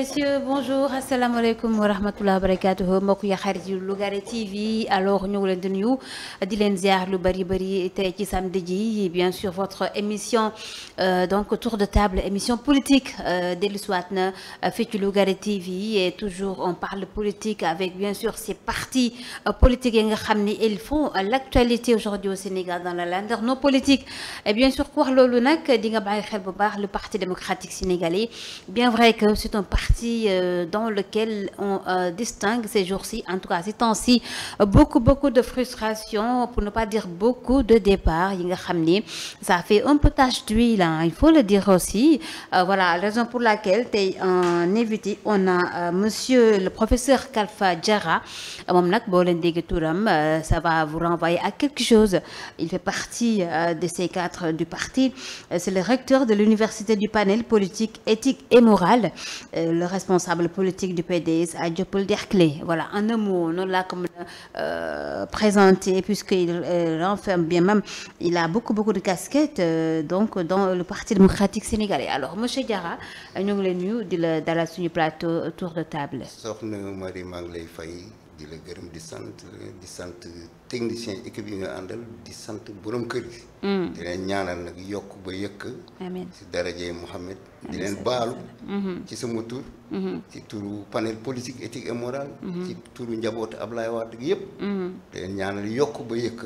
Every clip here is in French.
messieurs, bonjour. Assalamu alaikum wa rahmatullahi wa barakatuh. Mbokk ya xarit TV. Alors ñu les di nuyu di leen ziar lu bari bari ci samedi ji bien sûr votre émission euh, donc tour de table émission politique euh, siwaat na euh, fait Lugare TV et toujours on parle politique avec bien sûr ces partis euh, politiques et nga xamni ils font l'actualité aujourd'hui au Sénégal dans la lande, nos politique et bien sûr quoi wax Nak, di nga xel bu baax le Parti démocratique sénégalais bien vrai que c'est un parti euh, dans lequel on euh, distingue ces jours-ci, en tout cas ces temps-ci, beaucoup, beaucoup de frustration, pour ne pas dire beaucoup de départs. Ça fait un peu tache d'huile, hein, il faut le dire aussi. Euh, voilà, la raison pour laquelle, en évité, on a monsieur le professeur Kalfa Djara, ça va vous renvoyer à quelque chose. Il fait partie de ces quatre du parti. C'est le recteur de l'université du panel politique, éthique et morale le responsable politique du PDS à voilà un mot on l'a comme euh, présenté puisqu'il renferme euh, bien même il a beaucoup beaucoup de casquettes euh, donc dans le Parti démocratique sénégalais alors M. Diarra nous sommes venus dans plateau autour de table. Marie di la gërëm di sant di sant technicien équipe yi nga andal di sant borom kër yi mm. di leen ñaanal nag yokk ba yëkk. amiin si darajee Mouhamed. di leen baalu. Mm-hmm. ci sama tur. Mm-hmm. ci turu panel politique éthique et morale. Mm-hmm. ci turu njabootu Ablaye Wade gi yëpp. di leen ñaanal yokk ba yëkk.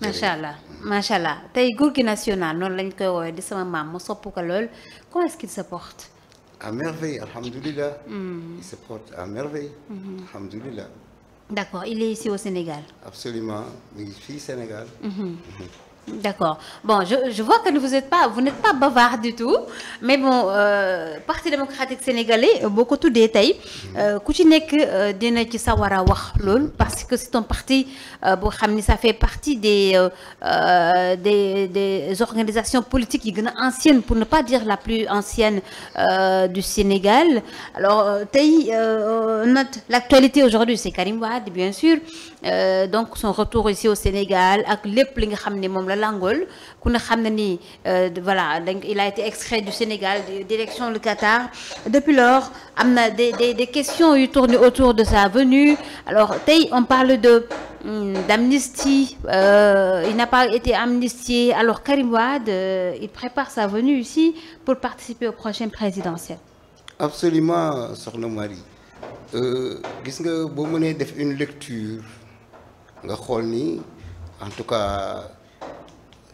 macha allah macha allah tey góor national non lañ koy woy di sama mam mo sopp ko lol comment est-ce qu'il se porte. à merveille, alhamdoulilah. Hmm. Il se porte à merveille, hmm. D'accord, il est ici au Sénégal Absolument, il est au Sénégal. Hmm. D'accord. Bon, je, vois que vous n'êtes pas, vous n'êtes pas bavard du tout, mais bon, euh, Parti démocratique sénégalais, euh, beaucoup de détails. Euh, parce que c'est un parti, euh, ça fait partie des, des, organisations politiques anciennes, pour ne pas dire la plus ancienne du Sénégal. Alors, l'actualité aujourd'hui, c'est Karim Wad, bien sûr. donc, son retour ici au Sénégal, avec les L'Angole. Langol euh, voilà il a été extrait du Sénégal direction le Qatar depuis lors des questions qui tournent autour de sa venue alors on parle de hmm, d'amnistie euh, il n'a pas été amnistié alors Karim Wade euh, il prépare sa venue ici pour participer au prochain présidentiel. absolument soxna Marie gis nga vous une lecture en tout cas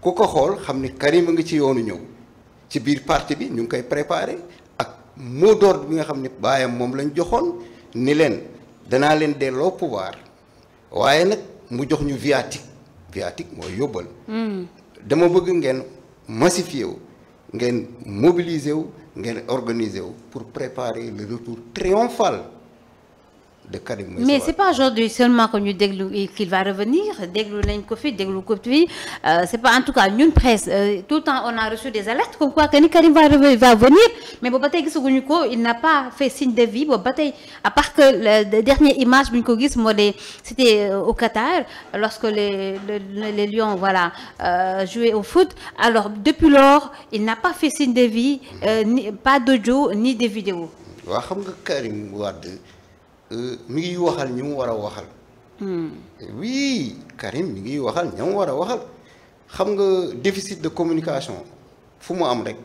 koko ko hamne xam ni Karim ngi ci yoonu ñew ci biir parti bi ñu ngi koy préparé ak mot d'ordre bi nga xam bayam mom lañ joxone ni leen danaa leen delloo pouvoir waaye nak mu jox ñu viatique viatique mooy yóbbal. Hmm. dama bëgg ngeen massifier ngeen mobiliser ngeen organiser pour préparer le retour triomphal mais ce n'est mais c'est pas aujourd'hui seulement qu'il va revenir déglu n'est euh, c'est pas en tout cas une presse euh, tout le temps on a reçu des alertes qu'on croit que Karim va revenir, venir mais il n'a pas fait signe de vie à part que la dernière image c'était euh, au Qatar lorsque les les Lions voilà jouaient au foot alors depuis lors il n'a pas fait signe de vie pas d'audio ni de vidéo Je xam que Karim mi ngi waxal ñu wara war a waxal. Hmm. oui Karim mi waxal ña wara waxal xam nga déficit de communication fu mu am rek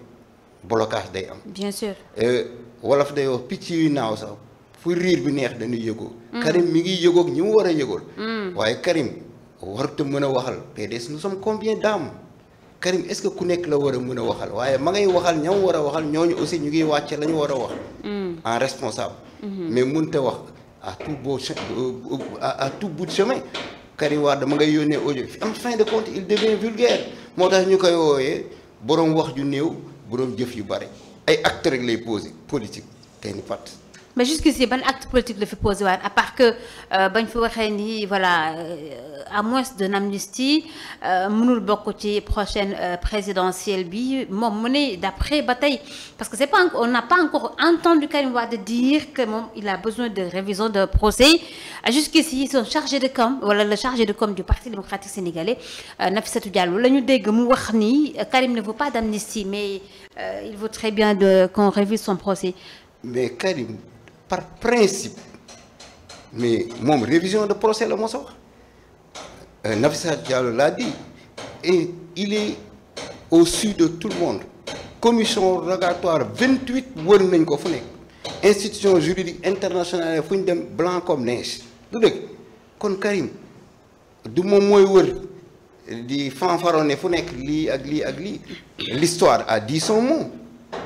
blocage day am. bien sûr. Euh, wolof day wax picc yu naaw sax fu riir bi neex dañuy yëgoo. Hmm. Karim mi ngi yëgoog ñi mu war a yëgool. Hmm. waaye Karim warut a mën a waxal PDS nous sommes combien d'âmes Karim est-ce que ku nekk la war a mën a waxal waaye ma ngay waxal ña mu war a waxal ñooñu aussi ñu ngi wàcce la ñu war a wax. en responsable. mais mënut wax à tout, beau, euh, à, tout bout de chemin car il ma ngay yónnee audio En En fin de compte il devient vulgaire moo tax ñu koy wooyee boroom wax ju néew boroom jëf yu bare ay actes rek lay posé politique kenn fàtt mais jusqu'ici ban acte politique de fi poser à part que euh, ben, voilà euh, à moins de l'amnistie euh, mënul Bokoti, prochaine présidentielle bi monnaie d'après bataille. parce que c'est pas on n'a pas encore entendu Karim Ouad dire que il a besoin de révision de procès jusqu'ici ils sont chargés de com voilà le chargé de comme du Parti démocratique sénégalais Nafissatou Diallo Là, ñu Karim ne veut pas d'amnistie mais il vaut très bien qu'on révise son procès mais Karim par principe mais mon révision de procès le Monsor, un Diallo l'a dit et il est au-dessus de tout le monde commission rogatoire 28 institution juridique internationale blanc comme neige du kon Karim du moment di l'histoire a dit son mot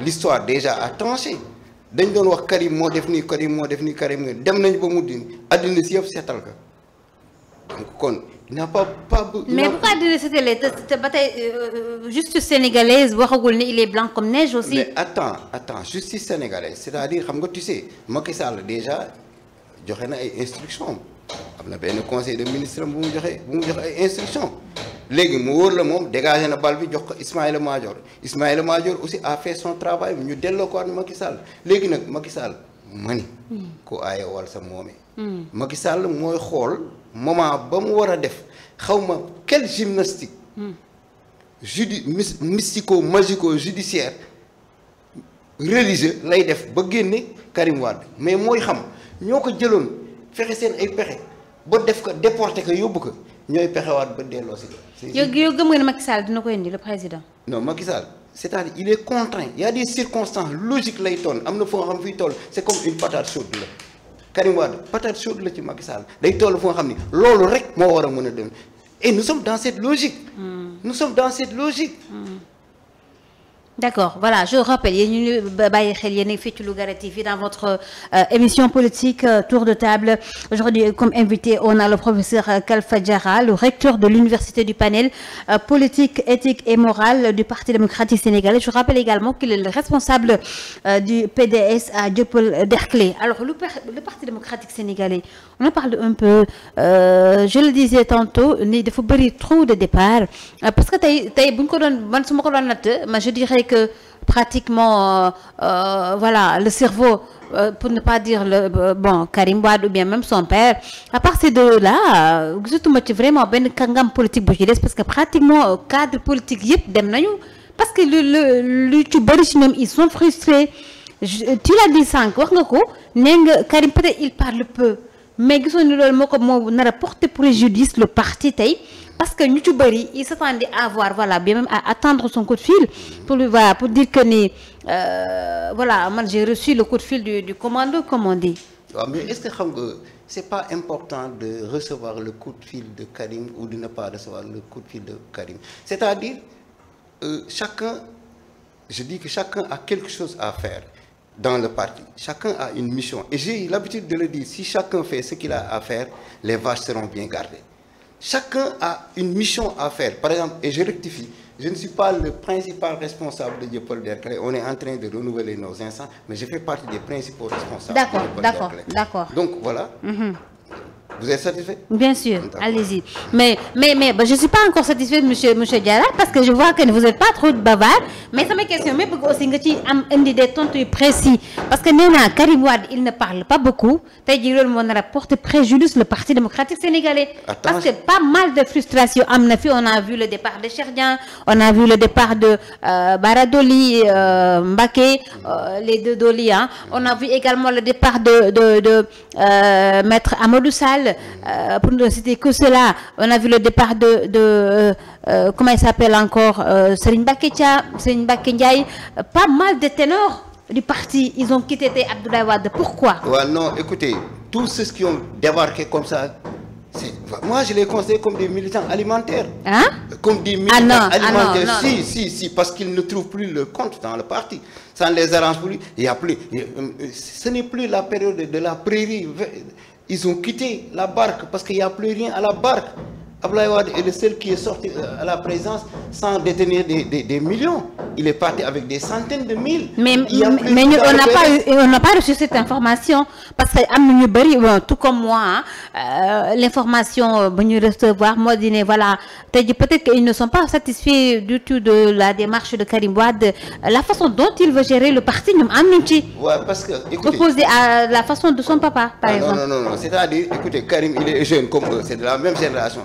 l'histoire déjà a tranché dañ doon wax Karim moo def nii Karim moo def nii Karim nga dem nañ ba mu di àddina si yëpp seetal ka donc kon n'a pas pas. mais bu ko àddina seetalee te ba tey justice sénégalaise waxagul ni il est blanc comme neige aussi. mais attends attends justice sénégalaise c'est-à-dire xam nga tu sais Macky Sall déjà joxe na ay instructions am na benn conseil de ministre bu mu joxe bu mu joxe ay instructions legi mu la dégagé na balle bi jox aussi a fait son travail ñu delloo ko Makisal. Macky Sall léegi nag Macky Sall ma ni ko aaye Macky Sall def gymnastique mystico magico judiciaire religieux lay def ba génne Karim Wade mais mooy xam ñoo ko jëloon ay ba def ko déporté que yóbbu ñooy pexewaat ba delloo si. si yow yow gëm nga ne Macky Sall dina ko indi le président. non Macky Sall c'est-à-dire il est contraint il y a des circonstances logiques lay toll am na xam fiy toll c'est comme une patate chaude Là. Karim Wade patate chaude là, ci Macky Sall day toll foo xam ni loolu rek rec, moi on mën et nous sommes dans cette logique. Hmm. nous sommes dans cette logique. Hmm. D'accord, voilà, je rappelle, il y a bah, bah, dans votre euh, émission politique euh, tour de table aujourd'hui comme invité on a le professeur euh, Kalfa Djara, le recteur de l'université du panel politique éthique et morale du Parti démocratique sénégalais je rappelle également qu'il est le responsable du PDS à Diopol Derklé alors le Parti démocratique sénégalais on en parle un peu je le disais tantôt ni de bëri trop de départ parce que tu as eu, je dirais que pratiquement, euh, euh, voilà, le cerveau, euh, pour ne pas dire le, bon, Karim Wad ou bien même son père, à part ces deux-là, je suis vraiment ben kangam politique parce que pratiquement, cadre politique, yep, parce que le, le, le, ils sont frustrés. tu l'as dit ça encore, Karim, peut-être il parle peu, mais ils pour le préjudice le parti, parce que YouTuber, il s'attendait à voir voilà bien même à attendre son coup de fil pour lui pour dire que euh, voilà j'ai reçu le coup de fil du commando comme on dit. mais est-ce que c'est pas important de recevoir le coup de fil de Karim ou de ne pas recevoir le coup de fil de Karim c'est-à-dire euh, chacun je dis que chacun a quelque chose à faire. dans le parti. Chacun a une mission. Et j'ai l'habitude de le dire, si chacun fait ce qu'il a à faire, les vaches seront bien gardées. Chacun a une mission à faire. Par exemple, et je rectifie, je ne suis pas le principal responsable de Diopol Derclay. On est en train de renouveler nos instants, mais je fais partie des principaux responsables. D'accord, d'accord, d'accord. Donc voilà. Mm-hmm. Vous êtes satisfait Bien sûr, allez-y. Mais, mais, mais bah, je ne suis pas encore satisfait, monsieur, monsieur Diara, parce que je vois que vous n'êtes pas trop bavard. Mais ça me questionne, mais pourquoi aussi am des précis Parce que Nena Karimouad, il ne parle pas beaucoup. qu'on a porté préjudice le Parti démocratique sénégalais. Parce que pas mal de frustration. on a vu le départ de Cherdian, on a vu le départ de euh, Baradoli, euh, Mbake, euh, les deux Doli. Hein. On a vu également le départ de, Maître Amadou euh, pour nous citer que cela, on a vu le départ de, euh, euh, comment il s'appelle encore, euh, Serine Baketia, Serine pas mal de ténors du parti, ils ont quitté Abdoulaye Wad, Pourquoi ouais, Non, écoutez, tous ceux qui ont débarqué comme ça, moi, je les conseille comme des militants alimentaires. Hein? Comme des ah militants ah alimentaires. Ah non, si, si, si, parce qu'ils ne trouvent plus le compte dans le parti. Ça ne les arrange plus. Il y a plus. Ce n'est plus la période de la prairie. Ils ont quitté la barque parce qu'il n'y a plus rien à la barque. Abdoulaye Wade est le seul qui est sorti euh, à la présence sans détenir des, millions. Il est parti avec des centaines de mille. Mais, mais on n'a pas, reçu cette information parce que tout comme moi, hein, euh, l'information euh, que nous recevoir, moi, dîner, voilà. Peut-être qu'ils ne sont pas satisfaits du tout de la démarche de Karim Wade, la façon dont il veut gérer le parti, nous ouais, parce que, écoutez, à la façon de son papa, par ah, exemple. Non, non, non, non. c'est-à-dire, écoutez, Karim, il est jeune comme eux, c'est de la même génération.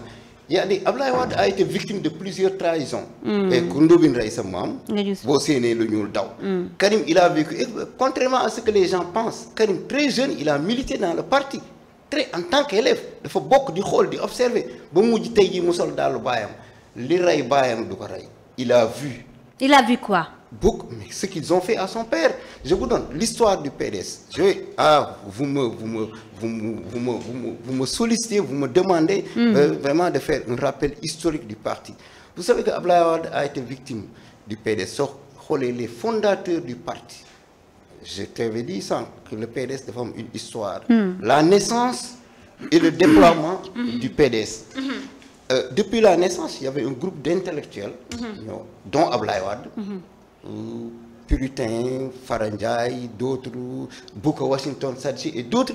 Ablaye Wade a été victime de plusieurs trahisons. Hmm. Et Koundobin Raïsa Mam, Bosséné le Nul Dao. Hmm. Karim, il a vécu, contrairement à ce que les gens pensent, Karim, très jeune, il a milité dans le parti. Très, en tant qu'élève, il faut beaucoup de rôle, d'observer. ray il a vu. Il a vu quoi ce qu'ils ont fait à son père. Je vous donne l'histoire du PDS. Je, ah, vous me, vous me, vous me, vous me, vous me sollicitez, vous me demandez hmm. euh, vraiment de faire un rappel historique du parti. Vous savez que a été victime du PDS. Les fondateurs du parti, je t'avais dit ça, que le PDS forme une histoire. Hmm. La naissance et le déploiement hmm. du PDS. Euh, depuis la naissance, il y avait un groupe d'intellectuels, dont Ablaïwad, Puritain, Faranjaï, d'autres, Booker Washington Sadji et d'autres.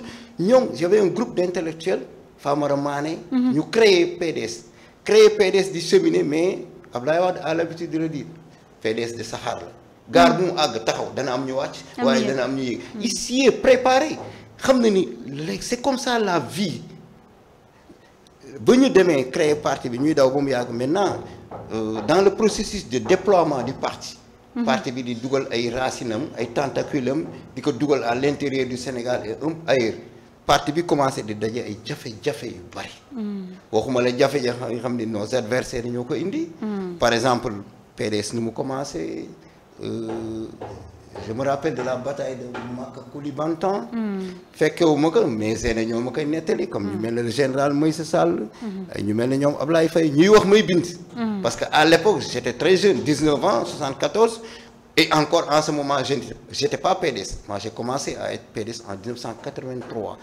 J'avais un groupe d'intellectuels, Famara Mane, mm -hmm. nous créons PDS. Créer PDS disséminé, mais Ablaye a l'habitude de le dire PDS de Sahara. gardons nous à nous dans dans Ici est préparé. C'est comme ça la vie. venu demain, créer parti venu ñuy daw maintenant euh, dans le processus de déploiement du parti Mmh. parti bi di dugal ay racines ay tentacules diko dougal à l'intérieur du Sénégal et um ailleurs parti bi commencé di dajé ay jafe-jafe yu bari. Mmh. waxuma la jafe-jafe xamni xam ne nos adversaires indi. Mmh. par exemple PDS ni mu commencé. Euh, je me rappelle de la bataille de Maka Koulibantan. Hmm. fekkewuma ko mais c'est les ma koy comme ñu hmm. mel le général Moïse Sall. Hmm. ñu mel ne ñoom Ablaye Faye ñuy wax may parce qu'à l'époque j'étais très jeune 19 ans 74. Et encore en ce moment, je n'étais pas PDS. Moi, j'ai commencé à être PDS en 1983.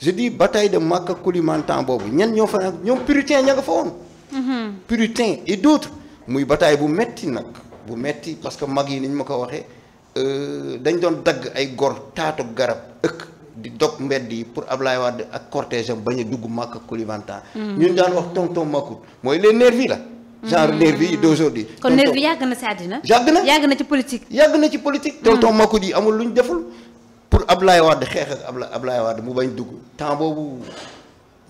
Je dis bataille de Maka Bantan, Bobo. Nous sommes puritains, nous sommes puritains et d'autres. Nous bataille, vous mettez, vous mettez, parce que Magui, nous sommes euh, dañ doon dagg ay gor taatu garab ëkk di dog mbedd yi pour Ablaye Wade ak cortège am bañ a dugg Màkka Koulibantang mm. ñun daan wax tonton makut mooy les nervis la mm. genre nervi yi d'aujourd'hui kon nervi yàgg na si àddina yàgg na yàgg na ci politique yàgg na ci politique mm. tonton makut yi amul luñ deful pour Ablaye Wade xeex ak Abla Ablaye Wade mu bañ dugg temps boobu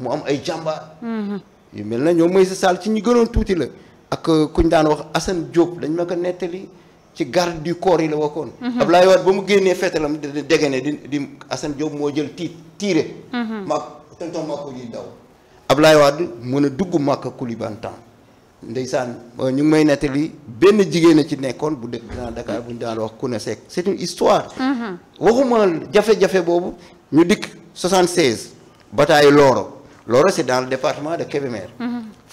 mu am ay jàmbaar mm-hmm. yu mel na ñoom mooy sa saal ci ñu gënoon tuuti la ak euh, kuñ daan wax Assane Diop dañ ma ko nettali ci garde du corps il la waxoon. Mhm. Abdoulaye Wade bamu mu génnee feetalam di di Assane Diop mo jël tiit mak mag tonton Mako yi daw. Abdoulaye Wade mën a dugg Maka Koulibantang ndaysan euh, ñu ngi may nettali benn jigéen a ci nekkoon bu dëkk Grand Dakar buñu ñu daan wax Kouna Seck c'est une histoire. Mhm. waxuma jafé jafé bobu ñu dik 76. bataille Loro Loro c'est dans le département de Kébémer. Mhm.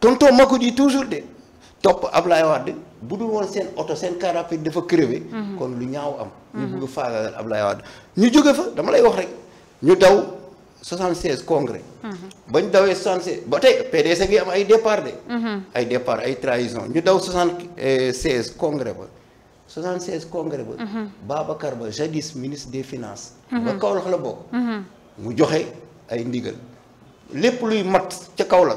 tonton mako di toujours de top Ablaye Wade bu dul woon seen oto crever, car rapide dafa crevé. Mhm. kon lu ñaaw am. ñu mhm. bëgg faagaal Ablaye Wade ñu jóge fa dama lay wax rek ñu daw 76 congrès. Mhm. bañ dawé 76 ba tay PDS gi am ay départ de. ay départ ay trahison ñu daw 76 congrès ba. 76 congrès ba. Babacar Ba jadis ministre des finances. ba Kaolack la bok mu joxé ay ndigal lépp luy mat kaw la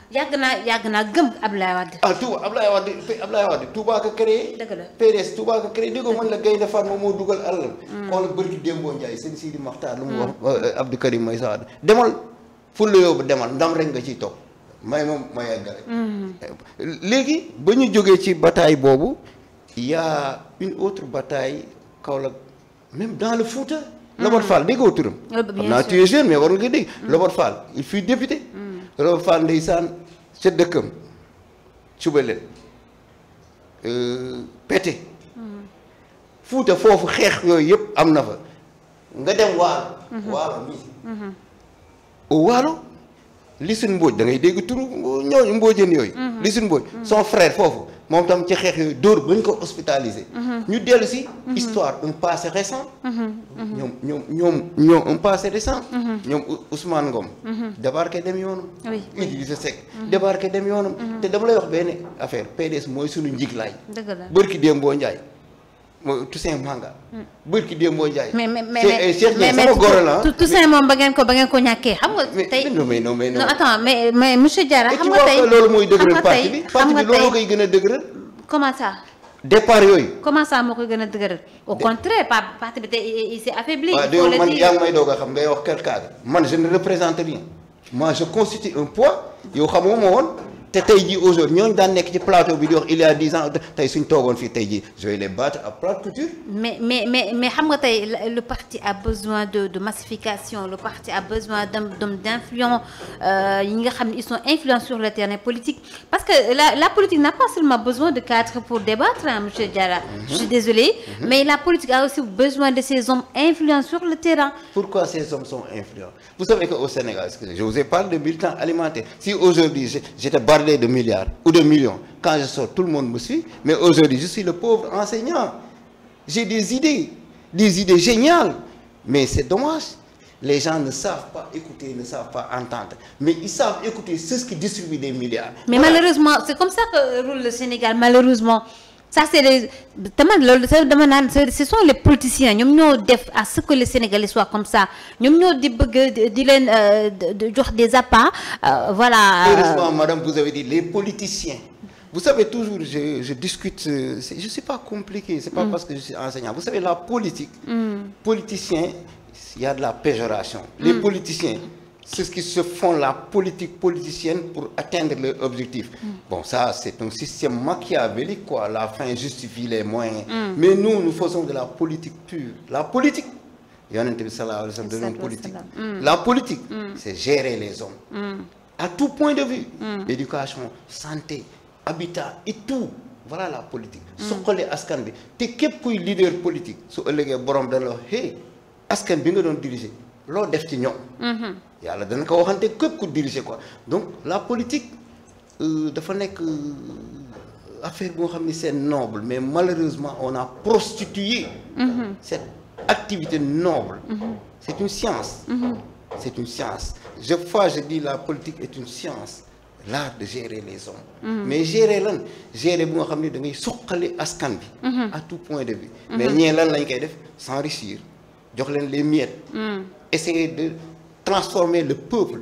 yagna yagna gem naa gëm Abdoulaye Wade. ah Touba Abdoulaye Wade Abdoulaye Wade Touba ko créé. dëgg la PDS Touba ko créé déggoo man la Gaynde mo moo dugal alalam. Hmm. xoolal bërki Dembo ndjay sen Sidi Maxtaar lu mu wax hmm. euh, Abdou Karim may Saad demal fulla yo bu demal ndam rek nga ci tok may mom may àggale. Hmm. légui bañu joggé ci bataille boobu y a une autre bataille Kaolack même dans le foot Lobat Fall déggoo turam. bien tu es jeune mais war nga ko dégg. Lobat Fall il fut député. Lobat Fall ndeysaan. ca dëkkam suba leen euh, pété mm-hmm. fuuta foofu xeex yooyu yëpp am na fa nga dem waalo mm-hmm. waalo mii mm-hmm. waalo li suñ mbooj da ngay dégg turu ñooñu mboojeen yooyu li suñ mbooj son frère foofu moom tam ci xex yooyu dóor bañ ko hospitaliser mhm. ñu dellu ci mhm. histoire un passé récent. Mhm. ñom ñom ñom ñom un passé récent. ñom Ousmane Ngom. débarqué dem yoonam. oui Idrissa sec débarqué dem yoonam. té dama lay wax benn affaire PDS moy suñu njig njiglaay. dëgg la barki Dembo ndjay tout Manga. barki démb mais mais mais mais mais comment ça. départ comment ça au contraire il s'est affaibli. Ah, je ne représente rien. moi je constitue un poids. yow ne ma T'es tey aujourd'hui on a nekk ci plateau bi il y a 10 ans tey suñ toogoon fii tey je vais les battre à plate couture. mais mais mais mais le parti a besoin de de massification le parti a besoin d'influence euh, ils sont influents sur le terrain politique parce que la la politique n'a pas seulement besoin de cadres pour débattre M. Hein, monsieur Diarra. Mm-hmm. je suis désolée. Mm-hmm. mais la politique a aussi besoin de ces hommes influents sur le terrain. pourquoi ces hommes sont influents vous savez qu'au Sénégal je vous ai parlé de bulletins alimentaires. si aujourd'hui j'étais de milliards ou de millions. Quand je sors, tout le monde me suit. Mais aujourd'hui, je suis le pauvre enseignant. J'ai des idées, des idées géniales. Mais c'est dommage. Les gens ne savent pas écouter, ne savent pas entendre. Mais ils savent écouter ce qui distribuent des milliards. Mais malheureusement, c'est comme ça que roule le Sénégal. Malheureusement, ça c'est les ce sont les politiciens Nous ñoo à ce que les sénégalais soient comme ça Nous ñoo di bëgg des voilà. madame vous avez dit les politiciens. vous savez toujours je discute euh, je ne suis pas compliqué. c'est pas mm. parce que je suis enseignant vous savez la politique. Mm. politicien il y a de la péjoration. les mm. politiciens. C'est ce qui se font la politique politicienne pour atteindre les objectif. Mm. Bon, ça, c'est un système machiavélique, quoi. La fin justifie les moyens. Mm. Mais nous, nous faisons de la politique pure. La politique, il y en a politique. La politique, mm. c'est gérer les hommes. À tout point de vue. Éducation, santé, habitat et tout. Voilà la politique. Ce qu'on est askan tu es leader politique. Ce que borom de hey, askan bi nga diriger lo def ci ñoom. Mm-hmm. yalla dañ ko waxante que ku diriger quoi donc la politique euh, dafa nekk euh, affaire bo xamni noble mais malheureusement on a prostitué. Mm-hmm. cette activité noble. Mm-hmm. c'est une science. c'est une science je fois je dis la politique est une science l'art de gérer les hommes. mais gérer lan gérer bo xamni da ngay suqali askan bi. à tout point de vue. mais ñee lan lañ koy def réussir. jox leen les miettes essayer de transformer le peuple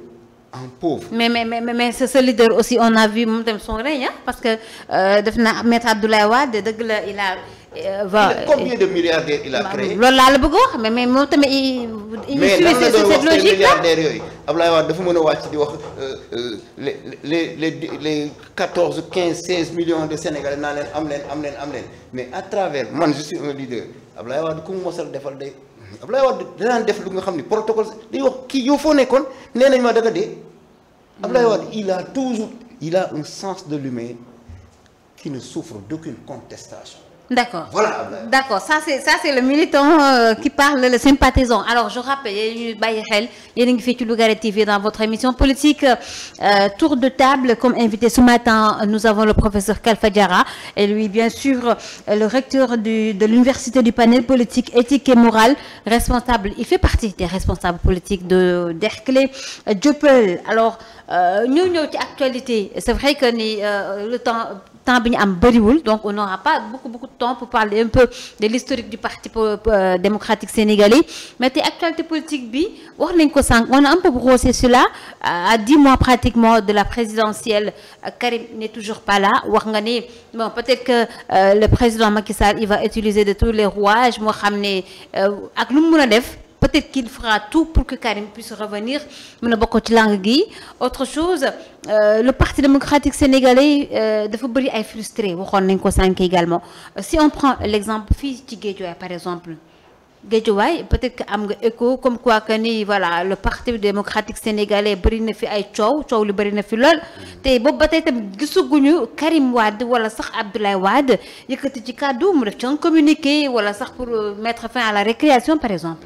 en pauvre. Mais, mais, mais, mais ce, ce leader aussi, on a vu son règne, hein, parce que euh, Maître Abdoulaye Wade, il a... Euh, va, il a combien de milliardaires il a créé loolu laa la bëgg wax mais mais il. suit cette logique là doon wax Abdoulaye Wade dafa a di wax euh, euh, les les les les quatorze millions de Sénégalais naa leen am leen am am mais à travers moi je suis un leader Abdoulaye Wade ku mu mosal defal day. Abdoulaye Wade danaan def lu nga xamni protocole dañuy wax ki yo fo nekkoon nee nañ ma da nga Abdoulaye Wade il a toujours il a un sens de l'humain qui ne souffre d'aucune contestation. D'accord. Voilà. D'accord. Ça, c'est, ça, c'est le militant euh, qui parle, le sympathisant. Alors, je rappelle, il y a TV dans votre émission politique. Euh, tour de table, comme invité ce matin, nous avons le professeur Kalfadjara et lui, bien sûr, le recteur de l'Université du panel politique, éthique et morale, responsable. Il fait partie des responsables politiques de d'Erclé, euh, Djupel. Alors, euh, nous, notre actualité, c'est vrai que le temps temps donc on n'aura pas beaucoup beaucoup de temps pour parler un peu de l'historique du parti démocratique sénégalais mais té actualité politique bi on a un peu grossé cela à 10 mois pratiquement de la présidentielle Karim n'est toujours pas là wax bon peut-être que euh, le président Macky Sall il va utiliser de tous les rouages Je xamné ne euh, ak peut-être qu'il fera tout pour que Karim puisse revenir mais a autre chose euh, le parti démocratique sénégalais euh, dafa frustré également euh, si on prend l'exemple physique par exemple peut-être que écho comme quoi voilà le parti démocratique sénégalais Karim Wade Abdoulaye Wade un communiqué pour mettre fin à la récréation par exemple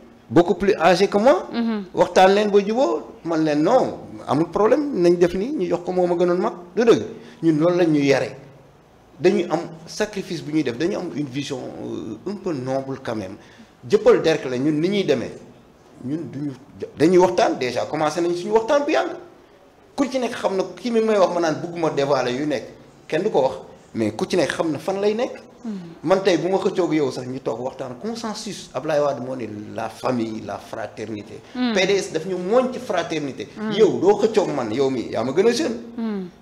beaucoup plus âgé que moi. Mm-hmm. waxtan len bo juboo man len non amul problème nagn def ni ñu jox ko moma gënon gënoon do deug ñun loolu lañ ñu yaré dañuy am sacrifice bu ñuy def dañu am une vision euh, un peu noble quand même jëppal derk la ñun ni ñuy démé ñun duñu dañuy waxtan déjà commencé nañ suñu waxtan bu yàgg ku ci nek xamna ki mi may wax ma naan bëgguma dévoiler yu nek kenn du ko wax mais ku ci ne xam na fan lay nekk. Hmm. man tey bu ma xëccoog yow sax ñu toog waxtaan consensus Ablaye Wade moo ne la famille la fraternité. Hmm. PDS daf ñu mooñ ci fraternité. Hmm. yow doo xëccoog man yow mi yaa ma gën a jeune.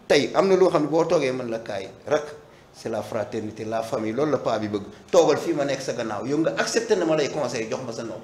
tey am na loo xam ne boo toogee man la kaay rak c'est la fraternité la famille loolu la paa bi bëgg toogal fii ma nekk sa gannaaw yow nga accepté na ma lay conseil jox ma sa nopp.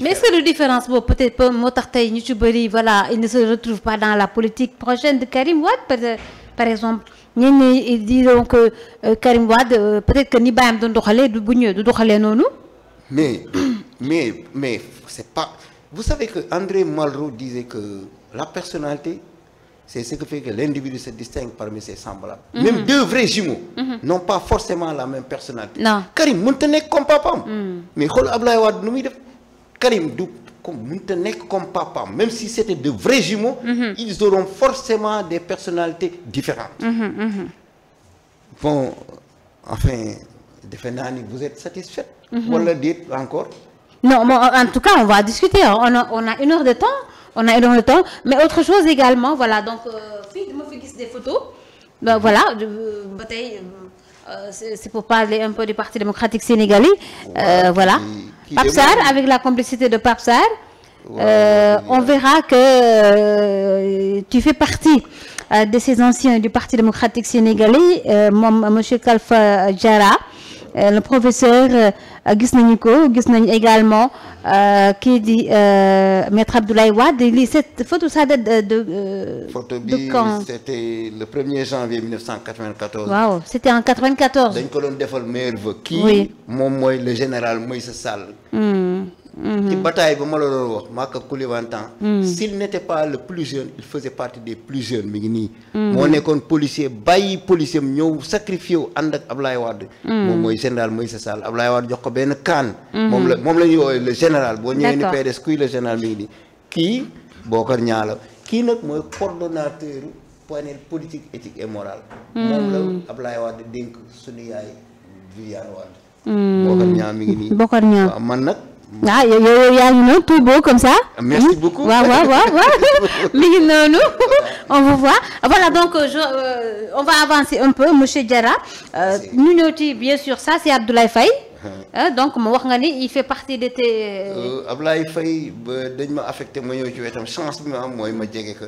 mais c'est ce différence peut-être pour Motarte et ñu voilà il ne se retrouvent pas dans la politique prochaine de Karim Wade par exemple ils disent que euh, Karim Wade euh, peut-être que ni bàyyam doon doxalee du bu ñëwee du mais mais mais c'est pas vous savez que André Malraux disait que la personnalité c'est ce qui fait que l'individu se distingue parmi ses semblables. Mhm. même deux vrais jumeaux. Mhm. n'ont pas forcément la même personnalité. Karim mënta nekk comme papa, mhm. mais xool Ablaye Wade nu muy def. Karim comme comme papa même si c'était de vrais jumeaux mhm. ils auront forcément des personnalités différentes mhm, mhm. bon enfin de vous êtes satisfaite le dites encore non mais en tout cas on va discuter hein. on a, une heure de temps on a une heure de temps mais autre chose également voilà donc fii je me fais des photos ben, voilà euh, bataille, euh, euh, c'est pour parler un peu du Parti démocratique sénégalais. Euh, voilà. Papsar, avec la complicité de Papsar, euh, on verra que tu fais partie de ces anciens du Parti démocratique sénégalais, M. Kalfa Jara. Euh, le professeur euh, Gisnaniko, également qui euh, dit maître Abdoulaye Wade lii cette photo ça date de de photo c'était le 1er janvier 1994. Waouh, c'était en 94. C'est ko colonne defal meilleur le général Moïse Sall. Hmm ci mhm. bataille ba ma la doon wax Maka s'il n'était pas le plus jeune il faisait partie des plus jeunes mi ngi nii mhm. policier bàyyi policier am ñëw sacrifié wu ànd ak Ablaye Wade mhm. général Moïse Sall Ablaye Wade jox ko benn kaan la la ñuy le général boo père ni PDS kuy le général mi qui nii kii qui Niang la kii nag coordonnateur panel politique éthique et morale Mon la Ablaye Wade dénk suñu yaay Viviane Wade Bocar Niang mi ngi nii man ah y a un nom tout beau comme ça. merci hein beaucoup Oui, oui, oui. Mais on vous voit voilà donc euh, euh, on va avancer un peu monsieur Diarra. ñu euh, bien sûr ça c'est Abdoulaye Faye. Hein, donc mu wax nga ni il fait partie de tes. Euh, Ablaye Faye ba dañ ma affecté ma ñëw ci wétam chance bi ma am ma jege ko.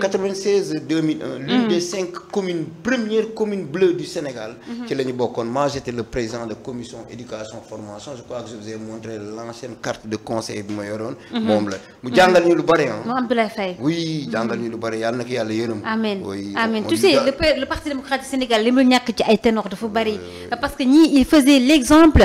96 hmm. 2001. Euh, l'une hmm. des cinq communes première commune bleue du Sénégal. Hmm. ci lañu ñu moi j'étais le président de commission éducation formation je crois que je vous ai montré l'ancienne carte de conseil bi ma yoron mom la mu jangal ñu lu bari ah. Hein. mu Ablaye Faye. oui jangal ñu lu bari yalla na yalla yërëm. amiin amiin tu sais le parti démocratique Sénégal limu ñak ci ay ténor dafa bari euh, parce que ñi il faisait l'exemple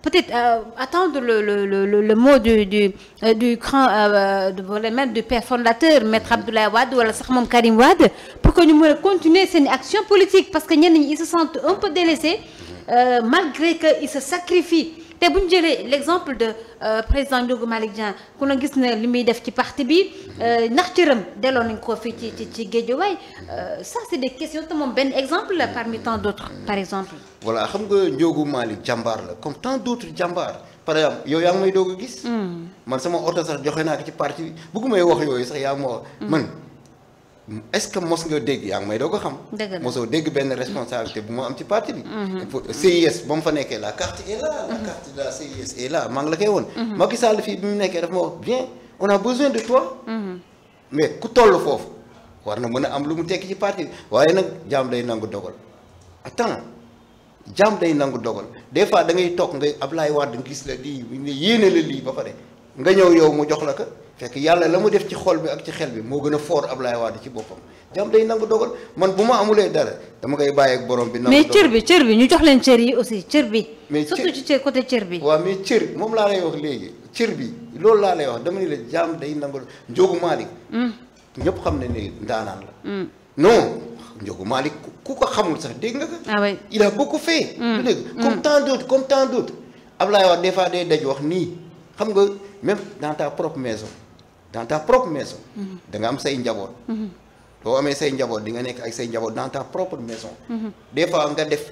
peut-être euh, attendre le, le, le, le, mot du, du, euh, du grand, euh, même du père fondateur, Maître Abdoulaye Wad ou Karim Wad, pour que nous continuer cette action politique, parce qu'ils se sentent un peu délaissés, malgré qu'ils se sacrifient te bu ñu jëlee l' exemple de euh, président Ndiogu Malick Dieng ku na gis na li muy def ci parti bi euh, ndax cëram delloo nañ ko fii ci ci ci Guédiawaye euh, ça c'est des questions te moom benn exemple parmi tant d'autres par exemple. voilà xam nga Ndiogu Malick jàmbaar la comme tant d'autres autres par exemple yow yaa ngi may doog a gis. Hmm. man sama oto sax joxe naa ko ci parti bi bëgguma wax yooyu sax yaa ma hmm. man est-ce que vous avez dégg may dit xam. responsabilité parti bi. Mhm. CIS ba la carte est là. la mhm. carte de la CIS est là Je la dit. woon. Mhm. Macky Sall fii bi dit, bien on a besoin de toi. mais ku toll foofu war na dit am lu mu dit ci parti vous avez nag que day attends jaam day nangu dogal des fois da ngay tok ngay Ablaye wad ngiss la tu as la li ba Tu nga ñew yow mu jox la ko fekk yalla la def ci xol bi ak ci xel bi fort ci bopam Jam day nangu dogal man buma amulé dara dama kay baye ak borom bi. nangu mais cër bi cër bi aussi bi. surtout ci côté cër bi. wa mais cër mom la lay wax légui cër bi lool la lay wax dama ni day hmm. ne ni hmm. non Njogu malik ku ko xamul sax nga ah il a beaucoup fait. Hmm. comme tant d'autres comme tant d'autres wad des fois même dans ta propre maison dans ta propre maison mhm. da nga am say njaboot mhm. boo amee say njaboot di nga nekk say dans ta propre maison mhm. des fois nga def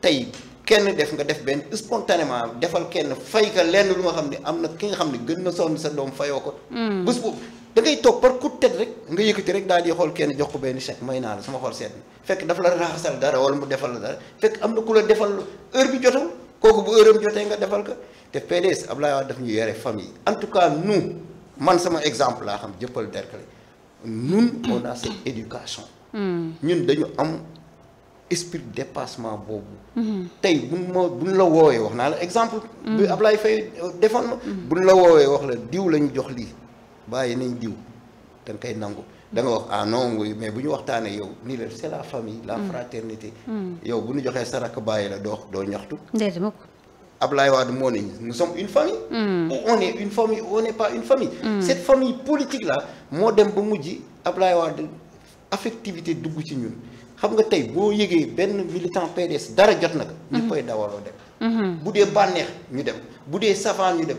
tay kenn def nga def ben spontanément defal kenn fay ka lenn lu nga xam ne ki nga xam gën na sonn sa dom fayoo ko bés bu da ngay tok par coup de tête rek nga yëkkati rek daal di xol kenn jox ko ben chèque may sama xol sét fekk dafa la raxasal dara wala mu defal la dara fekk am ku la defal heure bi jotaw kooku bu heure am nga defal ko te PDS Abdoulaye Wade daf ñu yéré famille en tout cas nous man sama exemple la xam jëppal Derklé ñun on a cette éducation. Hmm. ñun dañu am esprit dépassement bobu hmm. tey buñ ma buñ la woowee wax na la exemple. Hmm. bi Ablaye Faye euh, defoon na. buñ la woowee wax la diw lañ jox li baye nañ diw tan kay koy da nga wax ah non oui mais buñu waxtane yow ni la c'est la famille. la mm. fraternité. Mm. yow buñu joxe sarak sa rakk bàyyi la doo doo ñaxtu. déedéet Ablaye Wade mo ni nous sommes une famille. Mm. on est une famille on n'est pas une famille. cette famille politique là mo dem ba mujj Ablaye Wade affectivité dugg ci ñun xam nga tay bo yégué ben militant PDS dara jot na ko. Mm-hmm. ñu koy dawaloo dem. Mm-hmm. bu banex ñu dem bu savant ñu dem.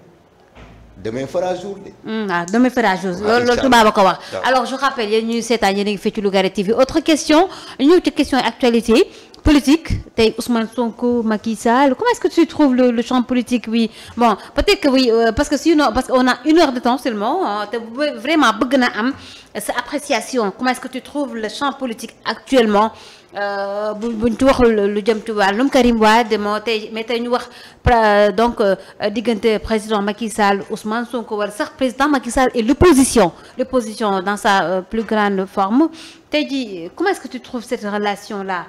Hmm, ah, demain fera jour demain fera jour alors je rappelle il y a une TV autre question une autre question actualité politique Ousmane Sonko Macky comment est-ce que tu trouves le, champ politique oui bon peut-être que oui euh, parce que sinon parce qu'on a une heure de temps seulement hein, vraiment c'est appréciation comment est-ce que tu trouves le champ politique actuellement. Euh, bu buñ ci waxul lu jëm ci wàllum Karim Wade mais ñu wax donc euh, diggante président Macky Sall Ousmane Sonko wala sax président Macky Sall et l'opposition l'opposition dans sa euh, plus grande forme tay jii comment est-ce que tu trouves cette relation là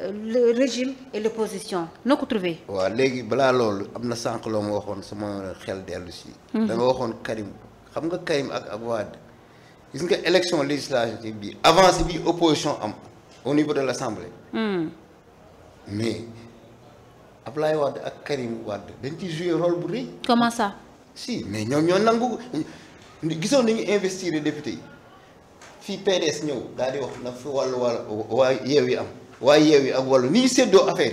le régime et l'opposition noko trouvé. wa légui bla loolu amna sank lo mo ma sama xel dellu si. Mhm. da nga waxoon Karim xam nga Karim ak Wade gis nga élection législative bi avancé bi opposition am au niveau de l'Assemblée. Hmm. mais Ablaye à Karim Wad, dañ ci rôle pour comment ça. si mais nous ñoo nangu les députés. investir député députés. PDS di na fi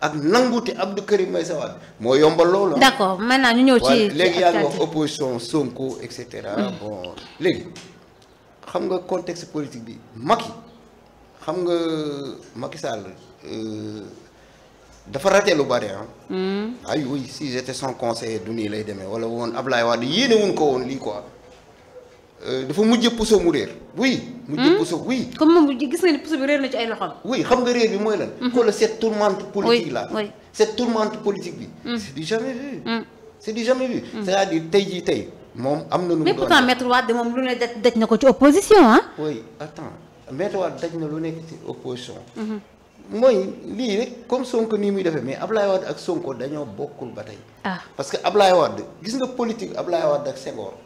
ak nangute Abdou Karim Meïssa Wade moo yombal loolu hein. d'accord maintenant ñu ñëw ci. léegi yaa ngi wax opposition Sonko et cetera hmm. bon légui xam nga contexte politique bi Macky xam nga Macky Sall euh, dafa raté lu bari ah. ay oui si j'étais son conseiller du lay démé wala won Ablaye wad yéné wun ko won li quoi. Euh, dafa mujjee puso mu réer. oui mujjee hmm? puso oui. comme moom gis nga ni puso bi réer na ci ay loxoom. oui xam nga réer bi mooy lan. Hmm. xoolal cette tourmente politique là. oui cette tourmente politique bi. Hmm. c'est du jamais vu. c'est du jamais vu. c'est-à-dire tey jii tey moom am na. nu mais pourtant maître Wade moom lu ne daj na ko ci opposition Hein? oui attends maître Wade daj na lu nekk ci opposition. mooy lii rek comme son Sonko nii muy defee mais Ablaye Wade ak Sonko dañoo bokkul ba tey. ah parce que Ablaye Wade gis nga politique Ablaye Wade ak Senghor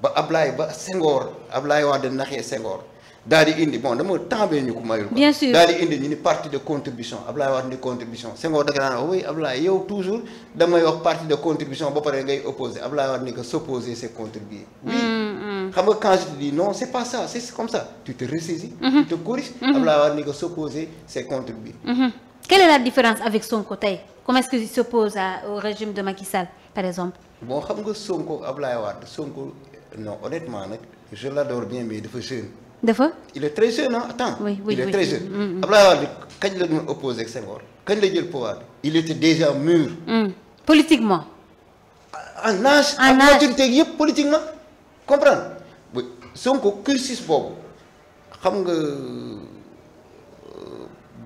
ba Ablaye ba Senghor Ablaye Wade naxee Senghor sengor di indi bon dama també ñu ko mayul. bien sûr daal indi ñu parti de contribution Ablaye Wade ni contribution Senghor da nga daan oui Ablaye yow toujours dama wax parti de contribution ba paré ngay opposé Ablaye Wade ni que s'opposer c'est contribuer. oui mm, mm. xam nga quand je te dis non c'est pas ça c'est comme ça tu te ressaisis. Mm-hmm. tu te corriges. Mm-hmm. Ablaye Wade ni que s'opposer c'est contribuer. Mm-hmm. Quelle est la différence avec Sonko tey comment est-ce qu'il s'oppose au régime de Macky Sall par exemple. bon xam nga Sonko Ablaye Sonko non honnêtement je l'adore bien mais il est très jeune. il est très jeune non hein? attends. oui oui il est très jeune. après quand il la opposé quand Senghor kañ la jël pouvoir il était déjà mûr. Mm. politiquement. Ah, en âge en âge politiquement. maturité yëpp politiquement comprendre. Sonko cursus boobu xam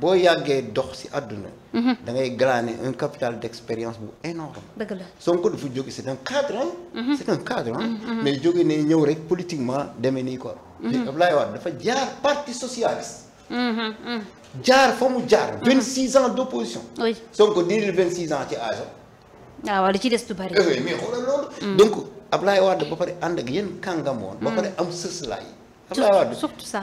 boo yàggee dox si aduna mhm. da ngay glaner un capital d'expérience bu énorme dëgg la Sonko dafa jóge c' est un cadre hein. Mhm. c' un cadre hein? mhm, mais jóge ne ñew rek politiquement démé ni quoi. fii Abdoulaye Wade dafa jaar parti socialiste. jaar fa mu jaar. 26 ans d'opposition opposition. oui Sonko dindi 26 ans ci âge ah waaw ci dess du bari. Eh oui mais xoolal loolu. donc Abdoulaye Wade ba pare and ak yeen kangam won ba pare am sëslaay. Abdoulaye Wade surtout ça.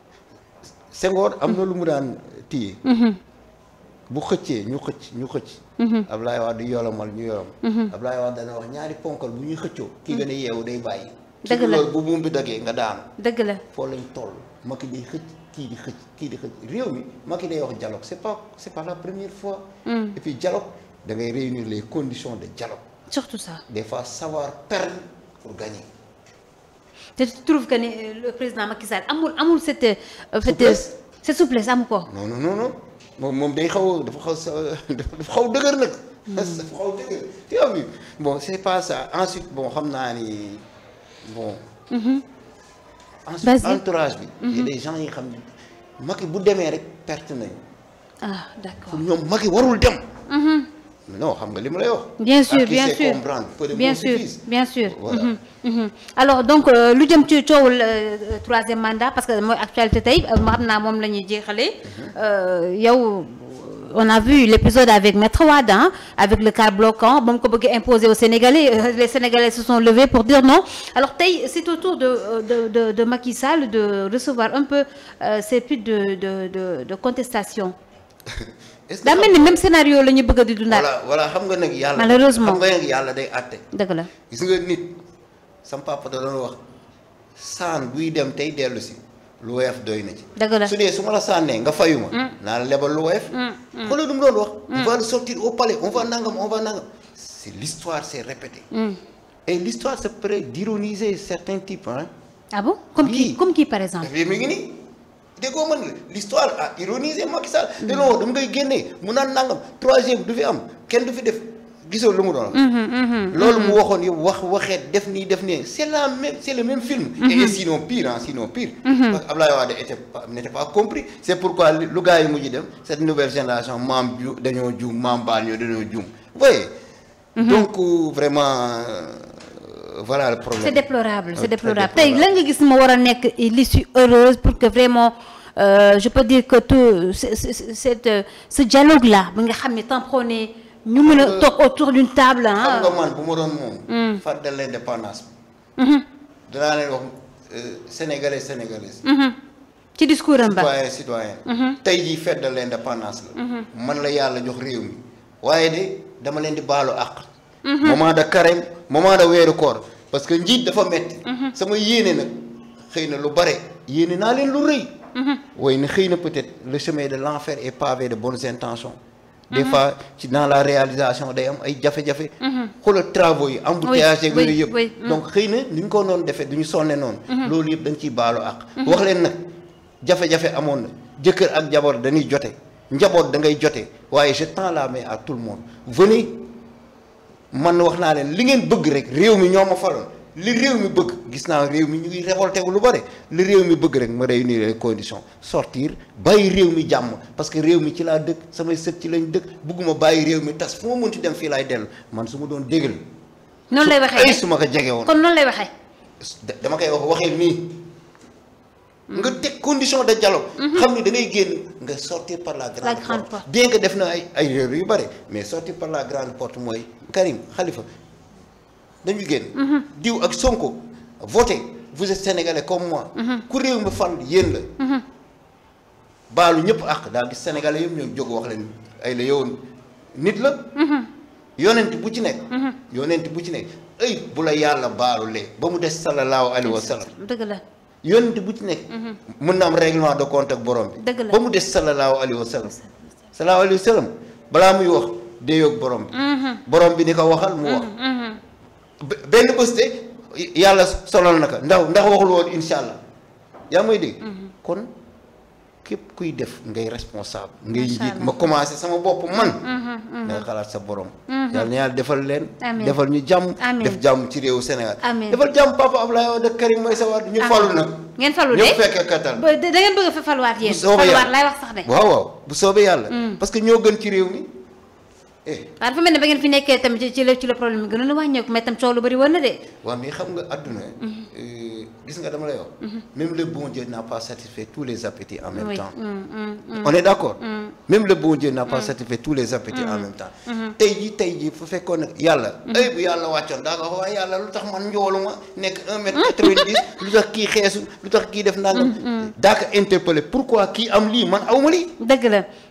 Senghor am lu mu daan téye. bu de ñu xëcc ñu xëcc. Ablaye dana wax ñaari bu ñuy ki day dëgg la bu buum bi nga c'est pas c'est pas la première fois. Mm. et puis dialogue da réunir les conditions de dialogue. surtout ça. des fois savoir perdre pour gagner tu trouves que euh, le président Macky Sall amul c'est euh, euh, cette. souplesse non non non non hmm. bon c'est pas ça ensuite bon ni mhm. ensuite entourage y a des gens qui xam Macky bu ah d'accord Macky non bien sûr bien sûr bien sûr bien sûr. alors donc euh, le euh, troisième mandat parce que l'actualité, euh, mhm. on a vu l'épisode avec Maître Wada, hein, avec le cas bloquant bon comme ko imposé aux Sénégalais les Sénégalais se sont levés pour dire non alors c'est au tour de de de Macky Sall de recevoir un peu ces putes de contestation. est-ce ni même scénario la ñu bëgg a di dundaat. voilà voilà xam nga nag yàlla. malheureusement xam nga nag yàlla day àtte. dëgg la gis nga nit sam papa da doon wax saan buy dem tey dellu si lu woyof doy na ci. dëgg la su dee su ma la sànnee nga fayu ma. Mm. la lebal lu woyof. Mm, mm. xoolal du mu doon wax. on va le sortir au palais on va nangam on va nangam. c'est l'histoire c'est répété. Mm. et l'histoire se prête d'ironiser certains types hein. ah bon comme qui comme qui par exemple. Eh mi ngi nii déggoo man l'histoire a ironisé Macky Sall. te non dama koy génnee mu naan nangam troisième du fi am kenn du fi def gissou lu mu doon. Mhm, mhm, mhm. loolu mu waxone yow wax waxeet def ni def nii c'est la même c'est le même film. et sinon pire hein sinon pire. parce que Abdoulaye Wade était n'était pas compris c'est pourquoi lu gars yi mujj dem cette nouvelle génération mam ju dañoo juum maam baal ñoo dañoo juum voyez donc euh, vraiment. Euh, euh, voilà le problème. c'est déplorable c'est euh, déplorable tey lan nga gis ma war a l'issue heureuse pour que vraiment euh, je peux dire que tout cette euh, ce dialogue là bi nga xam ne tant prôné ñu mën a autour d'une table ah. xam nga man bu ma doon moom. Hmm. fàttali leen indépendance bi. Mhm. dinaa leen wax sénégalais sénégalaise. Mhm. ci discours am ba citoyen citoyen. Mhm. tey jii fête de l'indépendance la. man la yàlla jox réew mi waaye de dama leen di baalu àq. Mhm. moment de carême moment de koor parce que njit dafa metti mhm. sama yéné nak xeyna lu bare yéné mhm. na len lu reuy peut-être le chemin de l'enfer est pavé de bonnes intentions des fois dans la réalisation day am ay le jafé travaux embouteillage donc xeyna niñ ko non défé duñu sonné non dañ ciy balu ak wax len nak jafé jafé amone ak dañuy je tends la main à tout le monde venez man wax naa leen li ngeen bëgg rek réew mi ñoo ma li réew mi bëgg gis réew mi ñu ngi révolté wu lu bari li réew mi rek ma réunir les conditions sortir bay réew mi parce que réew mi ci la dëkk samay sët ci lañ dëkk bëgguma bay réew mi Tu fu mënti dem fi lay man doon non lay waxé ay ma ko kon non lay waxé dama kay wax nga mm-hmm. tek condition de dialogue. Mm-hmm. xamni da ngay guen nga sortir par la grande. porte bien que defna ay ay erreurs yu bari mais sortir par la grande porte moy Karim Khalifa dañu guen mm-hmm. diw ak Sonko voter vous êtes sénégalais comme moi. ku rew mi fal yeen la. balu ñep ak daal di sénégalais yëpp ñu jóg wax leen ay la yow nit la. yonent bu ci nek yonent bu ci nek ay bu la yàlla baalulee ba mu dess sallallahu alaihi wasallam deug la yonent bu ci nek mën mhm. na am règlement de compte ak borom bi. ba mu dess sallallahu alayhi wa sallam. sallallahu alayhi wa sallam bala muy wax de yok borom bi. Mhm. borom bi ni ko waxal mu wax. ben bés yalla yàlla solal na ko ndaw ndax waxul won inshallah ya yaa may kon. kep kuy def ngay responsable ngay njiit ma commencer sama bop man nga mhm, mhm. xalat sa borom dal mhm. na defal leen defal ñu jam def jam ci rew senegal defal jam papa Abdoulaye Wade ak Karim sa Wade ñu falu nak ngeen falu de ñu fekk katal da ngeen bëgg fa yeen falu wat lay wax sax de waaw waaw bu soobe yalla mm. parce que ño gën ci rew mi eh dafa mel ba ngeen fi nekké tam ci ci le problème gënal gënoon mais tam coow lu bëri de wa mi xam nga àdduna mm-hmm. euh, Mhm. même le bon Dieu n'a pas satisfait tous les appétits en même temps. Mm, mm, mm. on est d'accord. même le bon Dieu n'a pas satisfait tous les appétits en même temps. Il mm-hmm. jii il faut faire bu Il faut faire 1 faire 90 pourquoi qui am man faut faire la.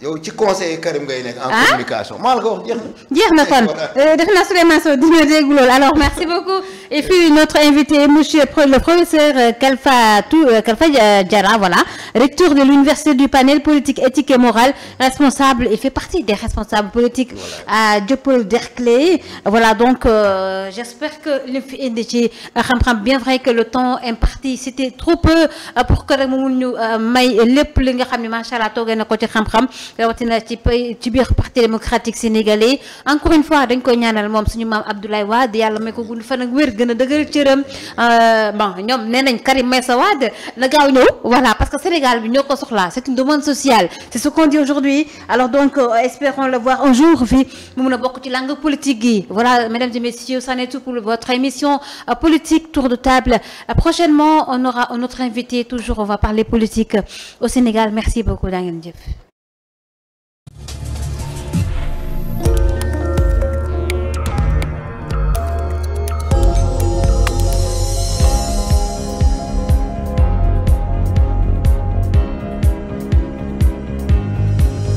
tu ci Karim ngay en ah? communication malgré ko na. Euh, alors merci beaucoup et puis notre invité monsieur le professeur euh, Kalfa euh, Kalfa voilà recteur de l'université du panel politique éthique et morale responsable et fait partie des responsables politiques à Diopol Derkley voilà donc j'espère que le bien vrai que le temps imparti c'était trop peu pour que nous, nous mun ñu may lépp li nga rawatina ci pay ci biir parti démocratique sénégalais encore une fois dañ ko ñaanal mom suñu mam Abdoulaye Wade yalla may ko gudd fan ak wér gën a dëgëral euh, bon ñom nenañ Karim Meïssa Wade na gaaw ñëw voilà parce que Sénégal bi ñoko soxla c'est une demande sociale c'est ce qu'on dit aujourd'hui alors donc euh, espérons le voir un jour fii mu mun a bokk ci langue politique gi voilà mesdames et messieurs ça n'est tout pour votre émission euh, politique tour de table prochainement on aura un autre invité toujours on va parler politique au Sénégal merci beaucoup daa ngeen